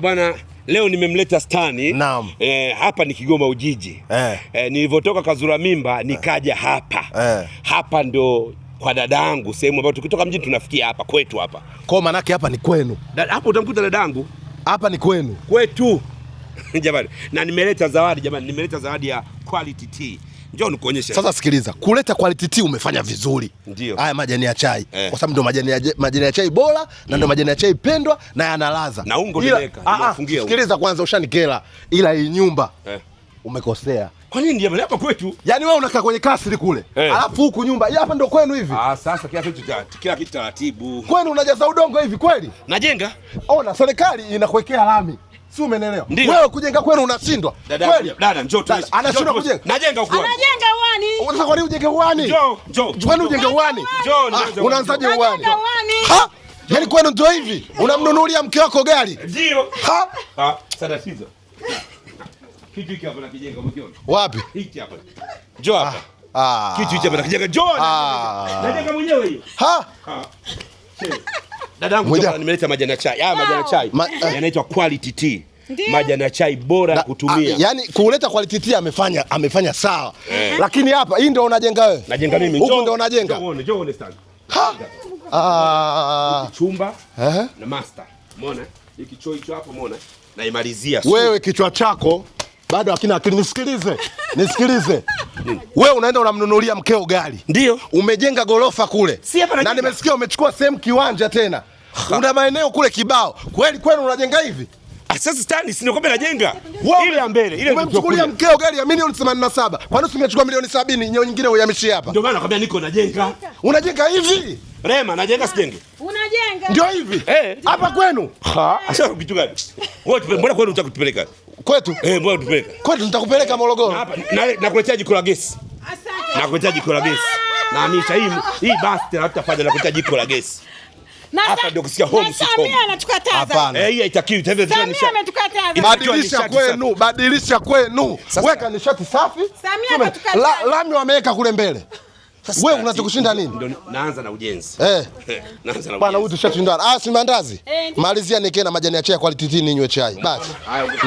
Eh, bwana leo nimemleta Stani. Naam. Eh, hapa ni Kigoma Ujiji eh. Eh, nilivyotoka kazura mimba eh. nikaja hapa eh. Hapa ndo kwa dadangu sehemu ambayo tukitoka mjini tunafikia hapa kwetu hapa. Kwa manake hapa ni kwenu. Hapo utamkuta dadangu. Hapa ni kwenu. Kwetu. Jamani, na nimeleta zawadi jamani, nimeleta zawadi ya quality tea. Njoo nikuonyeshe. Sasa sikiliza, kuleta quality tea umefanya vizuri. Ndio. Haya majani ya chai eh, kwa sababu ndio majani ya majani ya chai bora na ndio mm. majani ya chai pendwa na yanalaza. Na ungo nileka, ah, ah, nifungia. Sikiliza kwanza, ushanikela ila hii nyumba eh, umekosea. Kwa nini ndio hapa kwetu? Yaani wewe unakaa kwenye kasri kule. Eh. Alafu huku nyumba hii hapa ndio kwenu hivi. Ah, sasa kila kitu kila kitu taratibu. Kwenu unajaza udongo hivi kweli? Najenga. Ona serikali inakuwekea lami. Si umeelewa? Wewe kujenga kwenu unashindwa. Kweli. Dada njoo tu. Anashindwa kujenga. Najenga kwani. Anajenga uwani. Unataka kwani ujenge uwani? Njoo, njoo. Kwani ujenge uwani? Njoo. njoo. Ah, unaanzaje uwani? Ha? Yaani kwenu ndio hivi? Unamnunulia mke wako gari? Ndio. Ha? Ha, sasa sizo. Kitu hiki hapa nakijenga umekiona? Wapi? Hiki hapa. Njoo hapa. Ah. ah. Kitu hiki hapa nakijenga. Njoo. Ah. Najenga mwenyewe hiyo. Ha? Ha. Dadangu nimeleta majani ya chai. Haya ah, majani ya chai eh. yanaitwa quality tea. Majani ya chai bora ya kutumia. Yaani kuleta quality tea amefanya amefanya sawa. Eh. Lakini hapa hii ndio unajenga wewe. Najenga mimi. Huko ndio unajenga. Njoo uone, njoo uone stand. Ah. Chumba eh? na master. Umeona? Hiki choo hicho hapo umeona? Naimalizia. Wewe kichwa chako bado akina akili. Nisikilize, nisikilize wewe unaenda unamnunulia mkeo gari, ndio umejenga gorofa kule na nimesikia umechukua sehemu kiwanja tena ha. Una maeneo kule kibao, kweli kweli unajenga hivi ah, sasa stani, si nikwambia najenga ile ya mbele ile. Umemchukulia mkeo gari ya milioni 87, kwani usingechukua milioni 70 nyo nyingine uyamishie hapa? Ndio maana nakwambia niko najenga. Unajenga hivi Rema, najenga sijenge? Unajenga ndio hivi Eh, hapa kwenu. Ha, Sasa kitu gani? Wewe mbona kwenu unataka kutupeleka Kwetu? Eh, mbona tupeleka? Kwetu nitakupeleka Morogoro. na Hapa nakuletea jiko la gesi. Asante. Nakuletea jiko la gesi. Na Amisha hii hii basi tena tutafanya nakuletea jiko la gesi. hapa ndio kusikia home sweet home. Samia anatukataza. Hapana. Eh, hii haitakiwi. Tena ndio nisha. Samia ametukataza. Badilisha kwenu, badilisha kwenu. Weka nishati safi. Samia ametukataza. Lami wameweka kule mbele. Wewe unataka kushinda nini? Ndio naanza na ujenzi. Eh. Naanza na ujenzi. bwana huyu tushashindana. Ah, si mandazi. Eh, Malizia nikae na majani ya chai kwa lititini ninywe chai. Basi.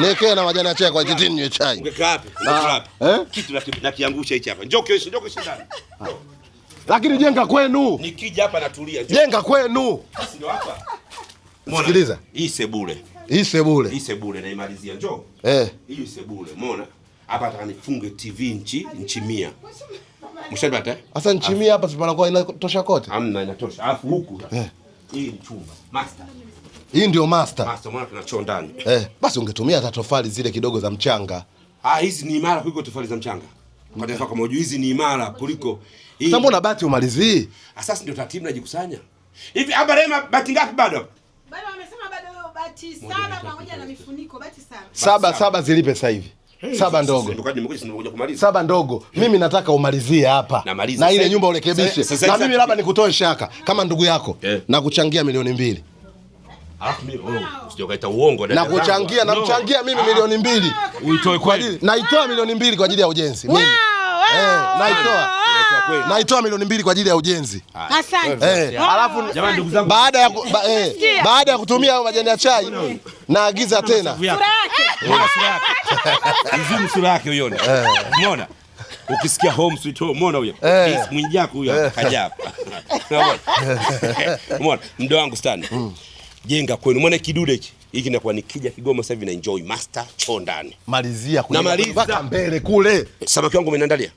Nikae na majani ya chai kwa lititini ninywe chai. Ungekaa wapi? Ah, Ungekaa wapi? Eh? Kitu na kiangusha hichi hapa. Njoo kesho, njoo kesho ndani. Lakini jenga kwenu. Nikija hapa natulia. Jenga kwenu. Basi ndio hapa. Sikiliza. Hii sebule. Hii sebule. Hii sebule na imalizia Njoo. Eh. Hii sebule. Umeona? Hapa atakanifunge TV nchi nchi 100. Mshapata? Sasa nchimia hapa tunakuwa inatosha kote. Hamna inatosha. Alafu huku eh. Hii ni chumba. Master. Hii ndio master. Master mwana tuna choo ndani. Eh, basi ungetumia hata tofali zile kidogo za mchanga. Ah, hizi ni imara kuliko tofali za mchanga. Kwa taarifa kama unajua hizi ni imara kuliko hii. Sasa mbona bati umalizi? Ah, sasa ndio taratibu najikusanya. Hivi hapa Rema bati ngapi bado? Bado wamesema bado bati saba pamoja na mifuniko bati saba. Saba saba zilipe sasa hivi saba ndogo saba ndogo, mimi nataka umalizie hapa na, ile nyumba urekebishe, na mimi labda nikutoe shaka kama ndugu yako yeah. na kuchangia milioni mbili oh, na kuchangia namchangia mimi milioni mbili ah. naitoa milioni mbili kwa ajili ya ujenzi mimi Eh, naitoa milioni mbili kwa ajili ya ujenzi. Eh. Alafu baada ya eh, baada ya kutumia majani ya chai naagiza tena sura yake uione. Umeona? Ukisikia home sweet home, umeona huyo mwijaku huyo kaja hapa. Umeona? Mdo wangu stani. Mm. Jenga kwenu. Umeona kidude hiki hiki nakuwa nikija Kigoma sasa hivi na enjoy master cho ndani, malizia kunamaliza mbele kule, samaki wangu umeniandalia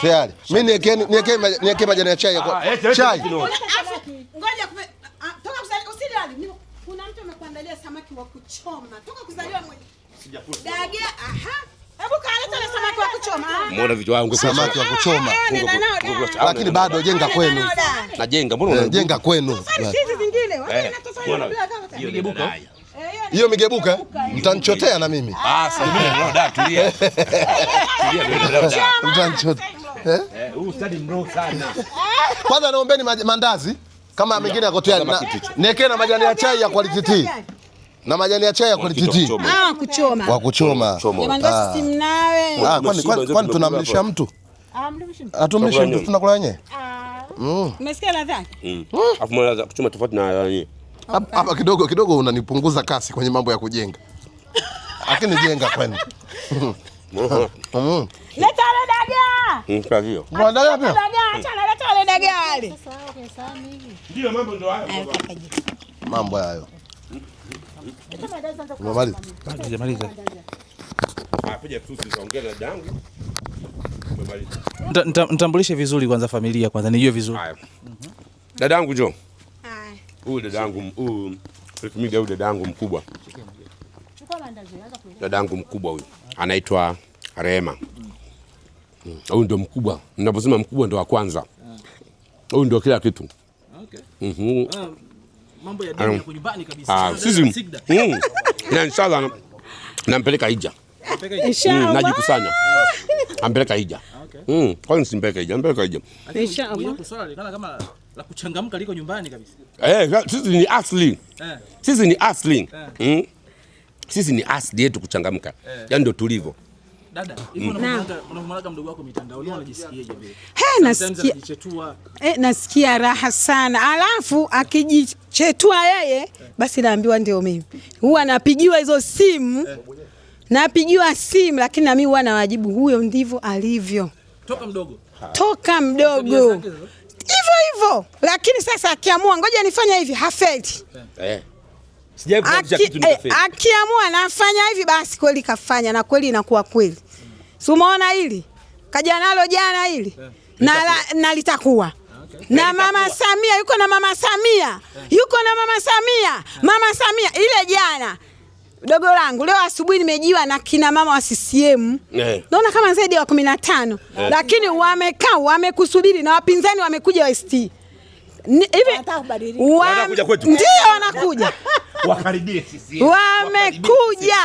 tayari. Mimi niwekee niwekee niwekee majani ya chai ya chai. Ngoja toka kusalia, kuna mtu amekuandalia samaki wa kuchoma toka kuzaliwa mwenyewe. aha Mbona vitu wangu samaki wa kuchoma, ah. ah, lakini bado eh, jenga kwenu, najenga mbona unajenga kwenu? hiyo migebuka mtanchotea na mimi kwanza, naombeni mandazi kama mengine yako tayari, niekee na majani ya chai ya quality tea na majani ya chai ya quality tea ah, wa kuchoma. Ah. Ah, kwani tunamlisha mtu? Hatumlishi mtu, tunakula wenyewe. Mm. Umesikia ladha? Mmm. Afu Kuchoma tofauti na hapa kidogo kidogo, unanipunguza kasi kwenye mambo ya kujenga, lakini jenga kwenu. Leta hmm, leta Ndio mambo ndio hayo. Mambo hayo. Maliza ah, tu vizuri kwanza familia kwanza nijue vizuri. Dadangu jo huyu dadangu huyu huyu dadangu mkubwa dadangu mkubwa huyu anaitwa Rehema. Mm. Huyu ndio mkubwa, ninaposema mkubwa ndio wa kwanza, huyu ndio kila kitu. Okay. Mm Mm. mambo ya dini um, kabisa. Ah, sisi. Mm. Na Inshallah nampeleka hija, Mm, najikusanya ampeleka hija, Okay. Mm. kwani simpeleka hija, ampeleka hija Inshallah la kuchangamka liko nyumbani kabisa. Eh, sisi ni asili eh. Sisi ni asli eh. Mm. Sisi ni yetu kuchangamka eh. Yaani ndio tulivyo. Dada, hmm. mdogo wako vile? nasikia eh, nasikia raha sana. Alafu akijichetua yeye eh. basi naambiwa ndio mimi. Huwa napigiwa hizo simu eh, napigiwa simu lakini na mimi huwa nawajibu, huyo ndivyo alivyo toka mdogo, toka mdogo hivyo, lakini sasa akiamua ngoja nifanya hivi hafeli eh. Aki, eh, akiamua nafanya hivi basi kweli kafanya na kweli inakuwa kweli. Si umeona hili kaja nalo jana hili yeah. na, na litakuwa ah, na yaani mama Samia yuko na mama Samia eh. yuko na mama Samia eh. mama Samia ile jana dogo langu leo asubuhi nimejiwa na kina mama wa CCM yeah. Naona kama zaidi ya wa kumi na tano yeah. Lakini wamekaa wamekusubiri na wapinzani wamekuja wa ST hivi wanakuja ndio wanakuja wakaribie CCM wamekuja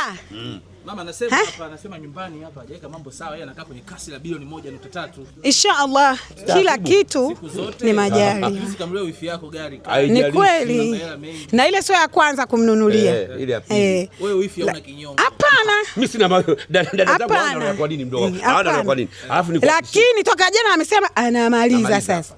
Mama anasema hapa, anasema nyumbani hapa hajaweka mambo sawa, yeye anakaa kwenye kasi la bilioni 1.3. Inshallah kila kitu ni majali. Wifi yako gari. Ni kweli. Na ile sio ya kwanza kumnunulia. Eh, ile ya pili. Eh. Wewe wifi hauna kinyongo. Hapana. Mimi sina mambo. dada zangu wana kwa nini mdogo? Eh, hawana kwa nini? Alafu ni lakini toka jana amesema anamaliza sasa.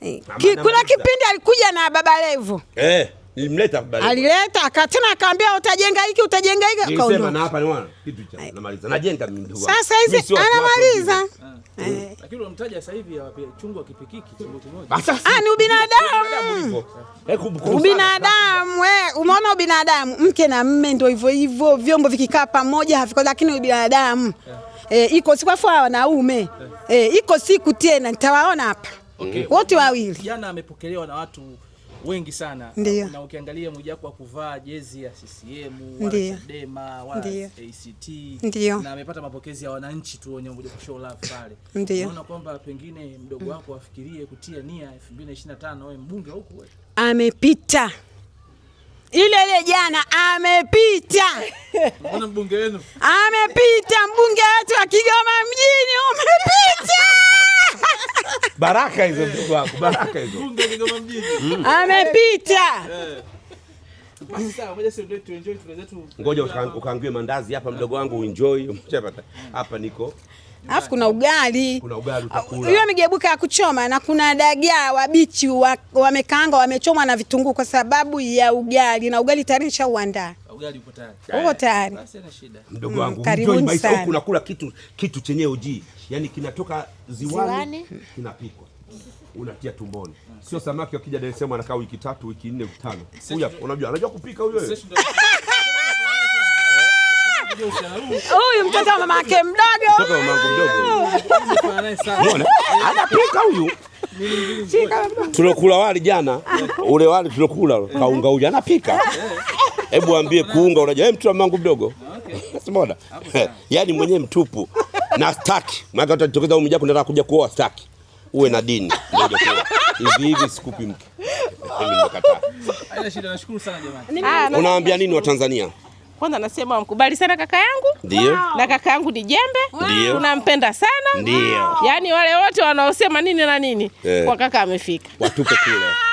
Eh. Kuna kipindi alikuja na Baba Levo. Eh. Nilimleta bali. Alileta akatena akaambia utajenga hiki utajenga hiki akaondoka. Nilisema na hapa ni wana kitu cha namaliza. Najenga mimi ndio. Sasa hizi anamaliza. Ah. Eh. Lakini unamtaja sasa hivi awape chungu wa kipikiki chungu kimoja. Ah ni ubinadamu. Ubinadamu eh, eh, umeona ubinadamu. Mke na mme ndio hivyo hivyo vyombo vikikaa pamoja haviko lakini ubinadamu. Eh, eh iko siku afu wanaume. Eh, iko siku tena nitawaona hapa. Wote wawili. Jana amepokelewa na watu wengi sana ndiyo. Na ukiangalia mojawapo wa kuvaa jezi ya CCM wala Chadema wala ACT ndiyo. Na amepata mapokezi ya wananchi tu wenye moja Show love pale, unaona kwamba pengine mdogo wako afikirie kutia nia 2025 wewe mbunge huko wewe amepita ile ile jana amepita mbunge wenu amepita, mbunge wetu wa Kigoma mjini umepita baraka hizo, mdogo wako, baraka hizo. Mm. Amepita. Ngoja ukaangiwe mandazi hapa, mdogo wangu, enjoy hapa, niko alafu kuna ugali, kuna ugali utakula. Hiyo migebuka ya kuchoma na kuna dagaa wabichi wamekaanga, wamechomwa na vitunguu, kwa sababu ya ugali na ugali tayari nishauandaa ugali uko tayari. Uko tayari. Basi ana shida. Mdogo mm, wangu, karibuni sana. Huko unakula kitu kitu chenye uji. Yaani kinatoka ziwani kinapikwa. Unatia tumboni. Sio samaki akija Dar es Salaam anakaa wiki tatu, wiki nne, wiki tano. Huyu unajua anajua kupika huyo. Huyu mtoto wa mama yake mdogo. Anapika huyu. Tulokula wali jana, ule wali tulokula kaunga huyu anapika. Eh hebu waambie kuunga unajua wewe mtu wa mangu mdogo. Simona. yani mwenyewe mtupu. Na staki. Maana utatokeza au mjako kuja kuoa staki. Uwe na dini. Hivi hivi sikupi mke. Mimi nimekataa. shida, sana jamani. Unaambia nini ah, wa Tanzania? Kwanza nasema wamkubali sana kaka yangu. Ndio. Na kaka yangu ni jembe. wow. unampenda sana. Ndio. Yaani wale wote wanaosema nini na nini, yeah, kwa kaka amefika. Watupe kule.